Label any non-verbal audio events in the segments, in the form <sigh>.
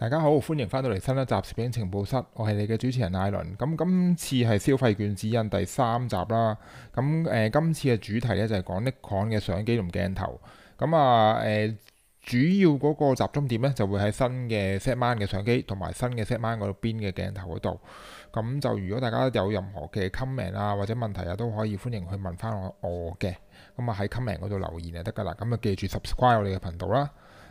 大家好，歡迎翻到嚟新一集攝影情報室，我係你嘅主持人艾倫。咁今次係消費券指引第三集啦。咁誒，今次嘅主題咧就係講 Nikon 嘅相機同鏡頭。咁啊，誒、呃，主要嗰個集中點咧就會喺新嘅 Z mount 嘅相機同埋新嘅 Z mount 嗰邊嘅鏡頭嗰度。咁就如果大家有任何嘅 comment 啊或者問題啊，都可以歡迎去問翻我我嘅。咁啊喺 comment 嗰度留言就得噶啦。咁啊記住 subscribe 我哋嘅頻道啦。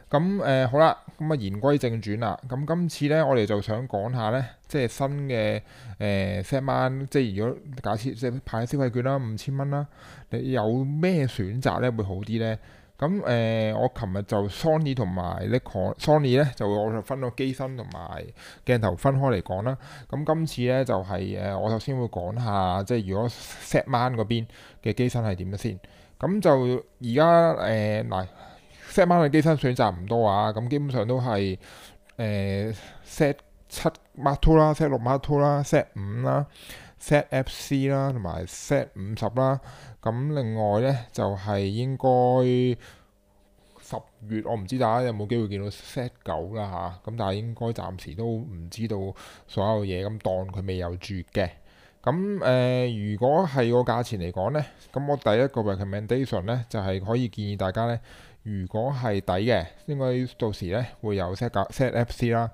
咁誒、呃、好啦，咁啊言歸正傳啦。咁今次咧，我哋就想講下咧，即係新嘅誒 set man 即。即係如果假設即係派消費券啦，五千蚊啦，你有咩選擇咧會好啲咧？咁誒、呃，我琴日就 Sony 同埋 n i k o n Sony 咧，就我就分個機身同埋鏡頭分開嚟講啦。咁今次咧就係、是、誒、呃，我首先會講下即係如果 set man 嗰邊嘅機身係點先。咁就而家誒嚟。呃 Z mount 嘅機身選擇唔多啊，咁基本上都係誒 Z 七 Mark II 啦，Z 六 Mark II 啦，Z 五啦，Z fc 啦，同埋 Z 五十啦。咁另外咧就係、是、應該十月，我唔知大家有冇機會見到 Z 九啦吓，咁、啊、但係應該暫時都唔知道所有嘢，咁當佢未有住嘅。咁誒、呃，如果係個價錢嚟講咧，咁我第一個 recommendation 咧就係、是、可以建議大家咧。如果係抵嘅，應該到時咧會有 Z Z fc 啦。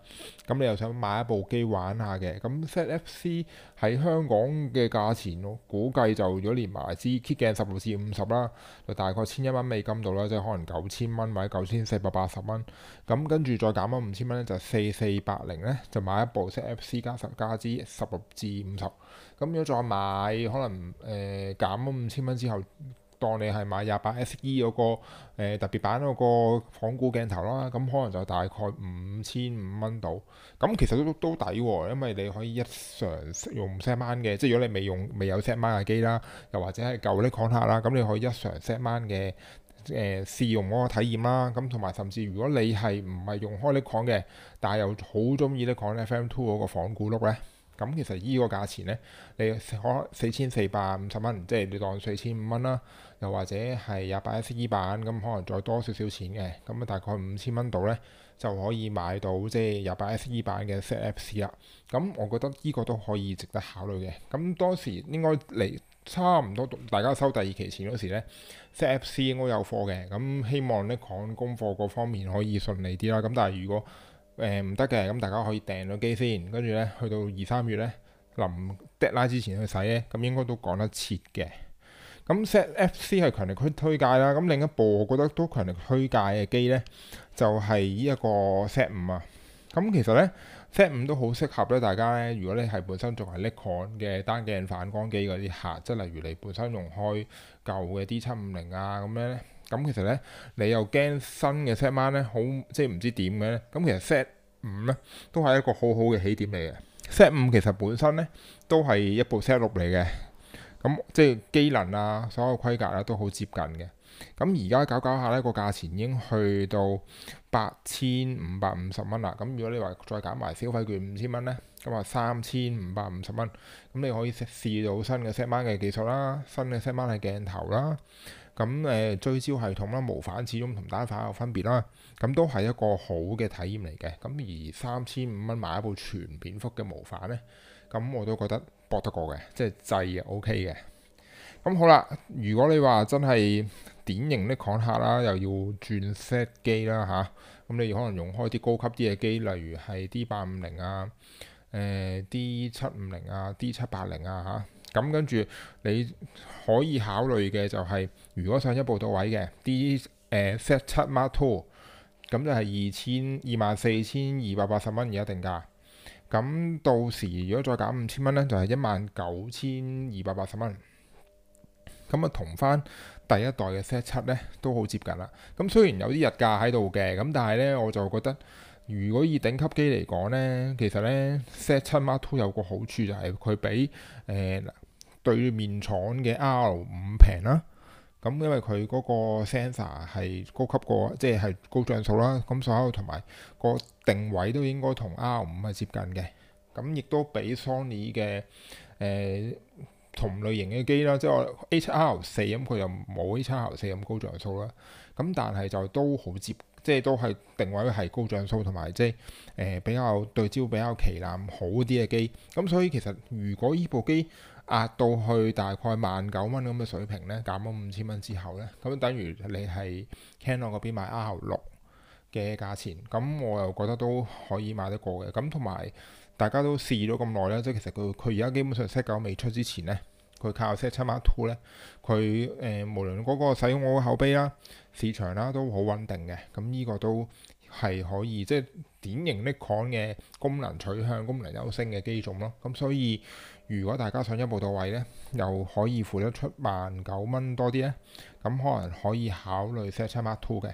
咁你又想買一部機玩下嘅，咁 Z fc 喺香港嘅價錢，我估計就如果連埋支 kit 鏡十六至五十啦，就大概千一蚊美金度啦，即係可能九千蚊或者九千四百八十蚊。咁跟住再減咗五千蚊咧，就四四八零咧，就買一部 Z fc 加十加支十六至五十。咁如果再買，可能誒、呃、減咗五千蚊之後。當你係買廿八 SE 嗰個特別版嗰個仿古鏡頭啦，咁可能就大概五千五蚊度。咁其實都都抵喎，因為你可以一嘗用 Z mount 嘅，即係如果你未用未有 Z mount 嘅機啦，又或者係舊 Nikon 客啦，咁你可以一嘗 Z mount 嘅誒試用嗰個體驗啦。咁同埋甚至如果你係唔係用開 Nikon 嘅，但係又好中意 Nikon FM Two 嗰個仿古 look 咧。咁其實依個價錢咧，你可能四千四百五十蚊，即係你當四千五蚊啦，又或者係廿八 SE 版咁，可能再多少少錢嘅，咁啊大概五千蚊度咧，就可以買到即係廿八 SE 版嘅 Z fc 啦。咁、嗯、我覺得依個都可以值得考慮嘅。咁、嗯、當時應該嚟差唔多，大家收第二期錢嗰時咧，Z fc 應該有貨嘅，咁、嗯、希望呢講功課嗰方面可以順利啲啦。咁、嗯、但係如果誒唔得嘅，咁、欸嗯、大家可以訂咗機先，跟住咧去到二三月咧，臨 deadline 之前去洗咧，咁、嗯、應該都講得切嘅。咁、嗯、Z F C 係強力推推介啦，咁、嗯、另一部我覺得都強力推介嘅機咧，就係呢一個 Z 五啊。咁、嗯、其實咧 Z 五都好適合咧，大家咧，如果你係本身仲係 Nikon 嘅單鏡反光機嗰啲客，即、啊、係例如你本身用開舊嘅 D 七五零啊咁樣咧。嗯咁其實咧，你又驚新嘅 Z mount 咧，好即係唔知點嘅咧。咁其實 Z 五咧，都係一個好好嘅起點嚟嘅。Z 五其實本身咧，都係一部 Z 六嚟嘅。咁即係機能啊，所有規格啊，都好接近嘅。咁而家搞搞下咧，個價錢已經去到八千五百五十蚊啦。咁如果你話再減埋消費券五千蚊咧，咁啊三千五百五十蚊。咁你可以試到新嘅 Z mount 嘅技術啦，新嘅 Z mount 嘅鏡頭啦。咁誒、呃、追焦系統啦，無反始終同單反有分別啦。咁都係一個好嘅體驗嚟嘅。咁而三千五蚊買一部全片幅嘅無反咧，咁我都覺得搏得過嘅，即係制嘅 OK 嘅。咁好啦，如果你話真係典型啲 Canon 客啦，又要轉 set 機啦吓，咁、啊、你可能用開啲高級啲嘅機，例如係 D 八五零啊，誒、呃、D 七五零啊，D 七八零啊嚇。啊。咁跟住你可以考慮嘅就係，如果想一步到位嘅、呃，啲 Z7 Mark II，咁就係二千二萬四千二百八十蚊而家定價。咁到時如果再減五千蚊咧，就係一萬九千二百八十蚊。咁啊同返第一代嘅 Z7 咧都好接近啦。咁雖然有啲日價喺度嘅，咁但係咧我就覺得，如果以頂級機嚟講咧，其實咧 Z7 Mark II 有個好處就係佢比誒。呃對面廠嘅 R 五平啦，咁因為佢嗰個 sensor 係高級過，即係高像素啦。咁所有同埋個定位都應該同 R 五係接近嘅。咁亦都比 Sony 嘅誒、呃、同類型嘅機啦，即係 A 七 R 四咁，佢又冇 A 七 R 四咁高像素啦。咁但係就都好接，即係都係定位係高像素，同埋即係誒比較對焦比較旗艦好啲嘅機。咁所以其實如果依部機，壓到去大概萬九蚊咁嘅水平咧，減咗五千蚊之後咧，咁等於你係 Canon 嗰邊買 R 六嘅價錢，咁我又覺得都可以買得過嘅。咁同埋大家都試咗咁耐啦，即係其實佢佢而家基本上 Z9 未出之前咧，佢靠 Z7 Mark Two 咧，佢誒、呃、無論嗰個使用嘅口碑啦、市場啦，都好穩定嘅。咁呢個都係可以，即係典型 Nikon 嘅功能取向、功能優先嘅機種咯。咁所以。如果大家想一步到位咧，又可以付得出萬九蚊多啲咧，咁、嗯、可能可以考慮 set 七孖 two 嘅。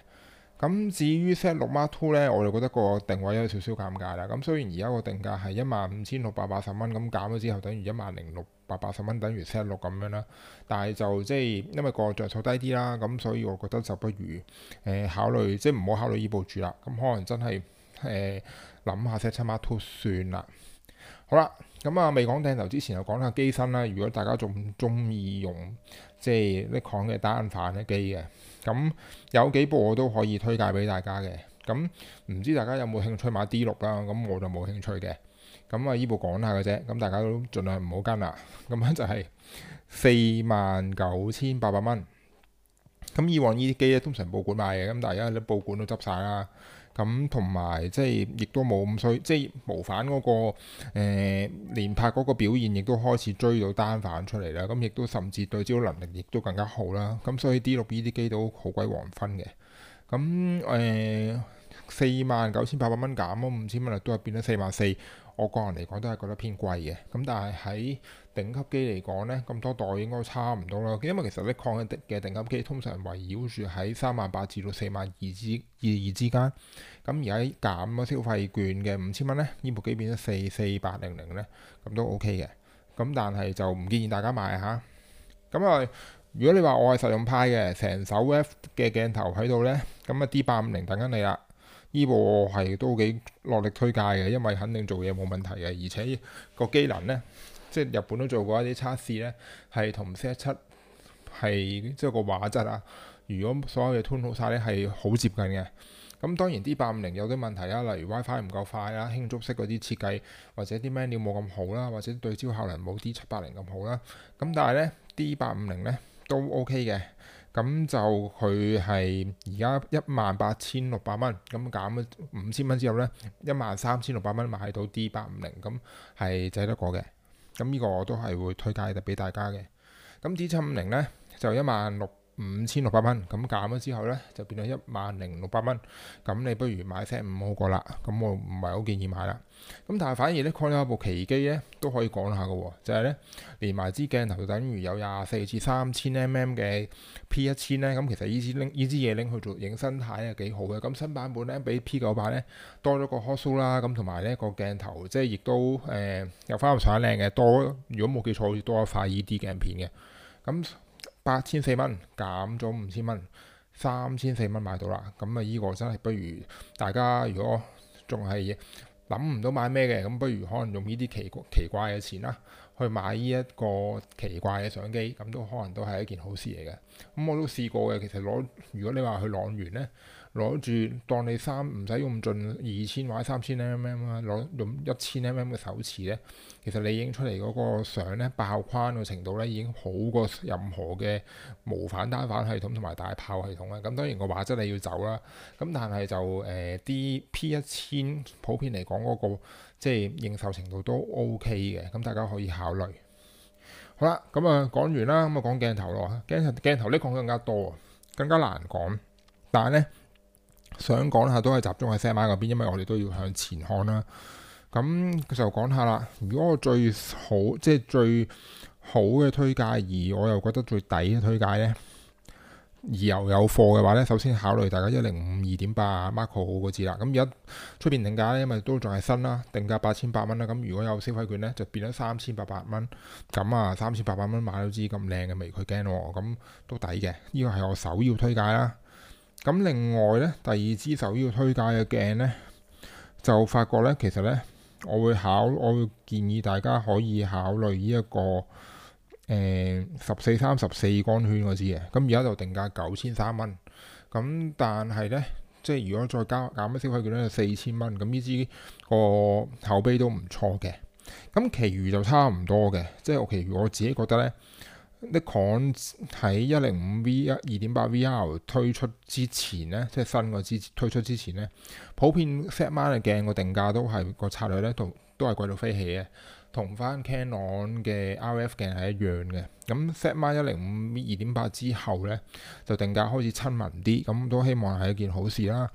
咁、嗯、至於 set 六孖 two 咧，我就覺得個定位有少少尷尬啦。咁、嗯、雖然而家個定價係一萬五千六百八十蚊，咁減咗之後等於一萬零六百八十蚊，等於 set 六咁樣啦。但係就即係因為個着數低啲啦，咁、嗯、所以我覺得就不如誒、呃、考慮即係唔好考慮依步住啦。咁、嗯、可能真係誒諗下 set 七孖 two 算啦。好啦。咁啊，未講鏡頭之前，就講下機身啦。如果大家仲中意用即係尼康嘅單反嘅機嘅，咁、嗯、有幾部我都可以推介俾大家嘅。咁、嗯、唔知大家有冇興趣買 D 六啦、嗯？咁我就冇興趣嘅。咁、嗯、啊，依部講下嘅啫。咁、嗯、大家都儘量唔好跟啦。咁、嗯、咧就係四萬九千八百蚊。咁、嗯、以往呢啲機咧，通常報館買嘅。咁大家啲報館都執晒啦。咁同埋即係亦都冇咁衰，即係無反嗰、嗰個誒、呃、連拍嗰個表現，亦都開始追到單反出嚟啦。咁、嗯、亦都甚至對焦能力亦都更加好啦。咁、嗯、所以 D 六 b 啲機都好鬼黃昏嘅。咁誒，四萬九千八百蚊減咗五千蚊嚟都啊變咗四萬四。我個人嚟講都係覺得偏貴嘅，咁但係喺頂級機嚟講呢，咁多代應該差唔多啦。因為其實的的呢，抗嘅定級機通常圍繞住喺三萬八至到四萬二至二二之間。咁而家減咗消費券嘅五千蚊呢，呢部機變咗四四八零零呢，咁都 OK 嘅。咁但係就唔建議大家買吓。咁啊，如果你話我係實用派嘅，成手 F 嘅鏡頭喺度呢，咁啊 D 八五零等緊你啦。依部係都幾落力推介嘅，因為肯定做嘢冇問題嘅，而且個機能呢，即係日本都做過一啲測試呢，係同 Z7 係即係個畫質啊。如果所有嘢 turn 好晒呢，係好接近嘅。咁、嗯、當然 D 八五零有啲問題啦，啊，例如 WiFi 唔夠快啦，輕觸式嗰啲設計或者啲 menu 冇咁好啦，或者對焦效能冇 D 七八零咁好啦。咁、嗯、但係呢 D 八五零呢都 OK 嘅。咁就佢係而家一萬八千六百蚊，咁減咗五千蚊之後咧，一萬三千六百蚊買到 D 八五零，咁係制得過嘅。咁呢個我都係會推介嘅俾大家嘅。咁 D 七五零咧就一萬六。五千六百蚊，咁減咗之後呢，就變咗一萬零六百蚊。咁你不如買 set 五好過啦。咁我唔係好建議買啦。咁但係反而呢，c a n o n 有部奇機呢，都可以講下嘅喎、哦。就係、是、呢，連埋支鏡頭等於有廿四至三千 mm 嘅 P 一千呢。咁其實呢支拎支嘢拎去做影身態咧，幾好嘅。咁新版本呢，比 P 九八呢，多咗個 c a s s l b l a 啦。咁同埋呢個鏡頭即係亦都誒、呃、又翻個相靚嘅，多。如果冇記錯，多一塊 ED 鏡片嘅。咁八千四蚊減咗五千蚊，三千四蚊買到啦。咁啊，呢個真係不如大家如果仲係諗唔到買咩嘅，咁不如可能用呢啲奇奇怪嘅錢啦，去買呢一個奇怪嘅相機，咁都可能都係一件好事嚟嘅。咁我都試過嘅，其實攞如果你話去朗源呢。攞住當你三唔使用盡二千或者三千 m、ah, m 啊，攞用一千 m m 嘅手持咧，其實你影出嚟嗰個相咧，爆框嘅程度咧已經好過任何嘅無反單反系統同埋大炮系統啦。咁當然個畫質你要走啦。咁但係就誒啲、呃、P 一千普遍嚟講嗰個即係應受程度都 O K 嘅。咁大家可以考慮好啦。咁啊講完啦，咁啊講鏡頭咯，嚇，鏡頭鏡頭呢，講得更加多，更加難講，但係咧。想講下都係集中喺 Samai 嗰邊，因為我哋都要向前看啦。咁就講下啦。如果我最好即係最好嘅推介，而我又覺得最抵嘅推介呢，而又有貨嘅話呢，首先考慮大家一零五二點八啊 Macro 好嗰支啦。咁而家出邊定價呢，因為都仲係新啦，定價八千八蚊啦。咁如果有消費券呢，就變咗三千八百蚊。咁啊，三千八百蚊買到支咁靚嘅微距鏡喎。咁都抵嘅，呢個係我首要推介啦。咁另外咧，第二支首要推介嘅鏡咧，就發覺咧，其實咧，我會考，我會建議大家可以考慮呢一個誒十四三十四光圈嗰支嘅。咁而家就定價九千三蚊，咁但係咧，即係如果再加減翻消費券咧，就四千蚊。咁呢支個口碑都唔錯嘅。咁其餘就差唔多嘅，即係我其實我自己覺得咧。Nikon 喺一零五 V 一二點八 VR 推出之前咧，即係新個之推出之前咧，普遍 set my n 鏡個定價都係、嗰個策略咧，都都係貴到飛起嘅。同翻 Canon 嘅 RF 鏡係一樣嘅，咁 set 埋一零五二點八之後呢，就定價開始親民啲，咁都希望係一件好事啦。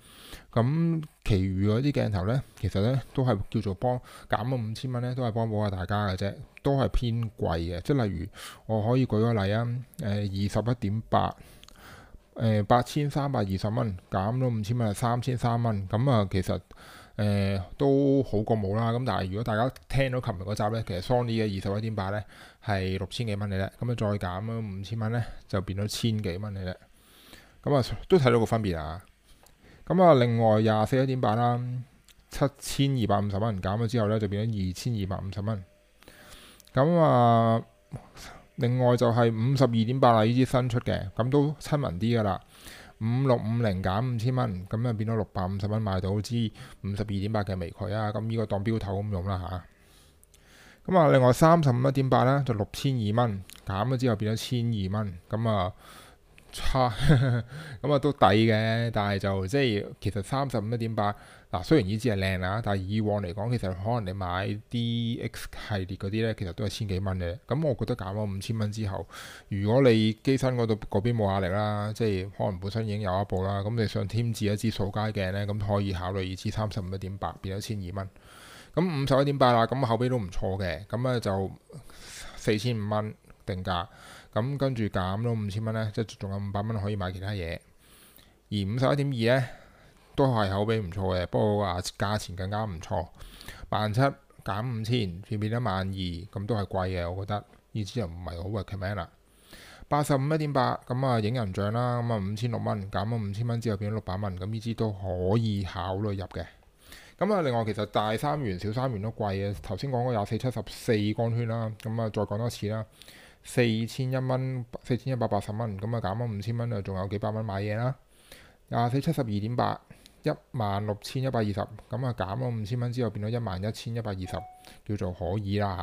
咁，其餘嗰啲鏡頭呢，其實呢都係叫做幫減咗五千蚊呢都係幫補下大家嘅啫，都係偏貴嘅。即係例如，我可以舉個例啊，誒二十一點八，誒八千三百二十蚊，減咗五千蚊係三千三蚊，咁啊、呃、其實。誒、呃、都好過冇啦，咁但係如果大家聽到琴日嗰集呢，其實 Sony 嘅二十一點八呢係六千幾蚊嘅咧，咁啊再減啊五千蚊呢，就變咗千幾蚊嘅咧，咁啊都睇到個分別啊！咁啊另外廿四一點八啦，七千二百五十蚊減咗之後呢，就變咗二千二百五十蚊。咁啊另外就係五十二點八啦，呢支新出嘅，咁都親民啲噶啦。五六五零減五千蚊，咁啊咪變咗六百五十蚊買到支五十二點八嘅微距啊！咁呢個當標頭咁用啦吓，咁啊，另外三十五一點八咧就六千二蚊減咗之後變咗千二蚊，咁啊差，咁、呃、啊 <laughs> 都抵嘅，但係就即係其實三十五一點八。嗱，雖然呢支係靚啦，但係以往嚟講，其實可能你買 D X 系列嗰啲呢，其實都係千幾蚊嘅。咁我覺得減咗五千蚊之後，如果你機身嗰度嗰邊冇壓力啦，即係可能本身已經有一部啦，咁你想添置一支掃街鏡呢，咁可以考慮二千三十五一點八，變咗千二蚊。咁五十一點八啦，咁口碑都唔錯嘅，咁咧就四千五蚊定價。咁跟住減咗五千蚊呢，即係仲有五百蚊可以買其他嘢。而五十一點二呢。都係口碑唔錯嘅，不過個、啊、價價錢更加唔錯，萬七減五千變變咗萬二，咁都係貴嘅。我覺得呢支又唔係好 recommend 啦。八十五一點八咁啊，影人像啦咁啊，五千六蚊減咗五千蚊之後變咗六百蚊，咁呢支都可以考慮入嘅。咁啊，另外其實大三元、小三元都貴嘅。頭先講過廿四七十四光圈啦，咁啊再講多次啦，四千一蚊，四千一百八十蚊，咁啊減咗五千蚊啊，仲有幾百蚊買嘢啦。廿四七十二點八。一萬六千一百二十，咁啊減咗五千蚊之後變咗一萬一千一百二十，叫做可以啦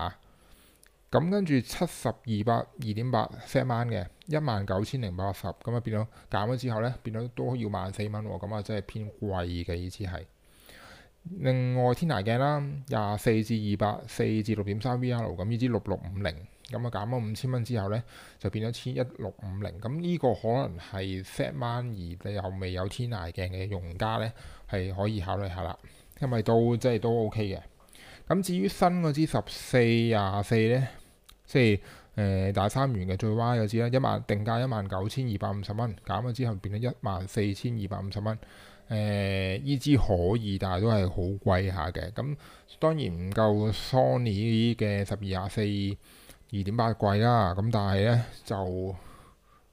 嚇。咁啊跟住七十二百二點八 set 返嘅，一萬九千零八十，咁啊變咗，減咗之後呢，變咗都要萬四蚊喎，咁啊真係偏貴嘅意思係。另外天涯鏡啦，廿四至二百四至六點三 VR 咁呢支六六五零，咁啊減咗五千蚊之後呢，就變咗千一六五零。咁呢個可能係 set m o n 而你又未有天涯鏡嘅用家呢，係可以考慮下啦，因為都即係都 OK 嘅。咁至於新嗰支十四廿四呢，即係誒大三元嘅最 Y 嗰支啦，一萬定價一萬九千二百五十蚊，減咗之後變咗一萬四千二百五十蚊。誒呢支可以，但係都係好貴下嘅。咁、嗯、當然唔夠 Sony 嘅十二廿四二點八貴啦。咁、嗯、但係咧就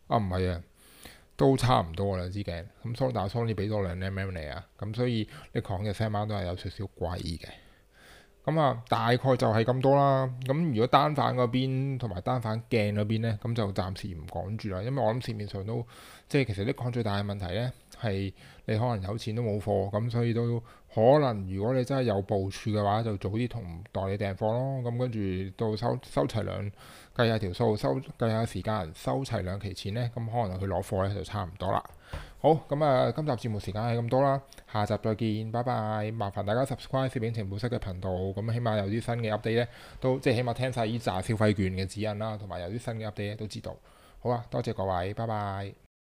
啊唔係啊，都差唔多兩支鏡。咁 Sony、嗯、但係 Sony 俾多兩 mm 嚟啊。咁、嗯、所以 Nikon 嘅 c m 都係有少少貴嘅。咁、嗯、啊，大概就係咁多啦。咁、嗯、如果單反嗰邊同埋單反鏡嗰邊咧，咁、嗯、就暫時唔講住啦。因為我諗市面上都即係其實 Nikon 最大嘅問題咧。係你可能有錢都冇貨，咁所以都可能如果你真係有部署嘅話，就早啲同代理訂貨咯。咁跟住到收收齊兩計下條數，收計下時間，收齊兩期錢呢，咁可能去攞貨呢，就差唔多啦。好咁啊、嗯，今集節目時間係咁多啦，下集再見，拜拜。麻煩大家 subscribe 攝影情報室嘅頻道，咁起碼有啲新嘅 update 咧，都即係起碼聽晒依紮消費券嘅指引啦，同埋有啲新嘅 update 都知道。好啊，多謝各位，拜拜。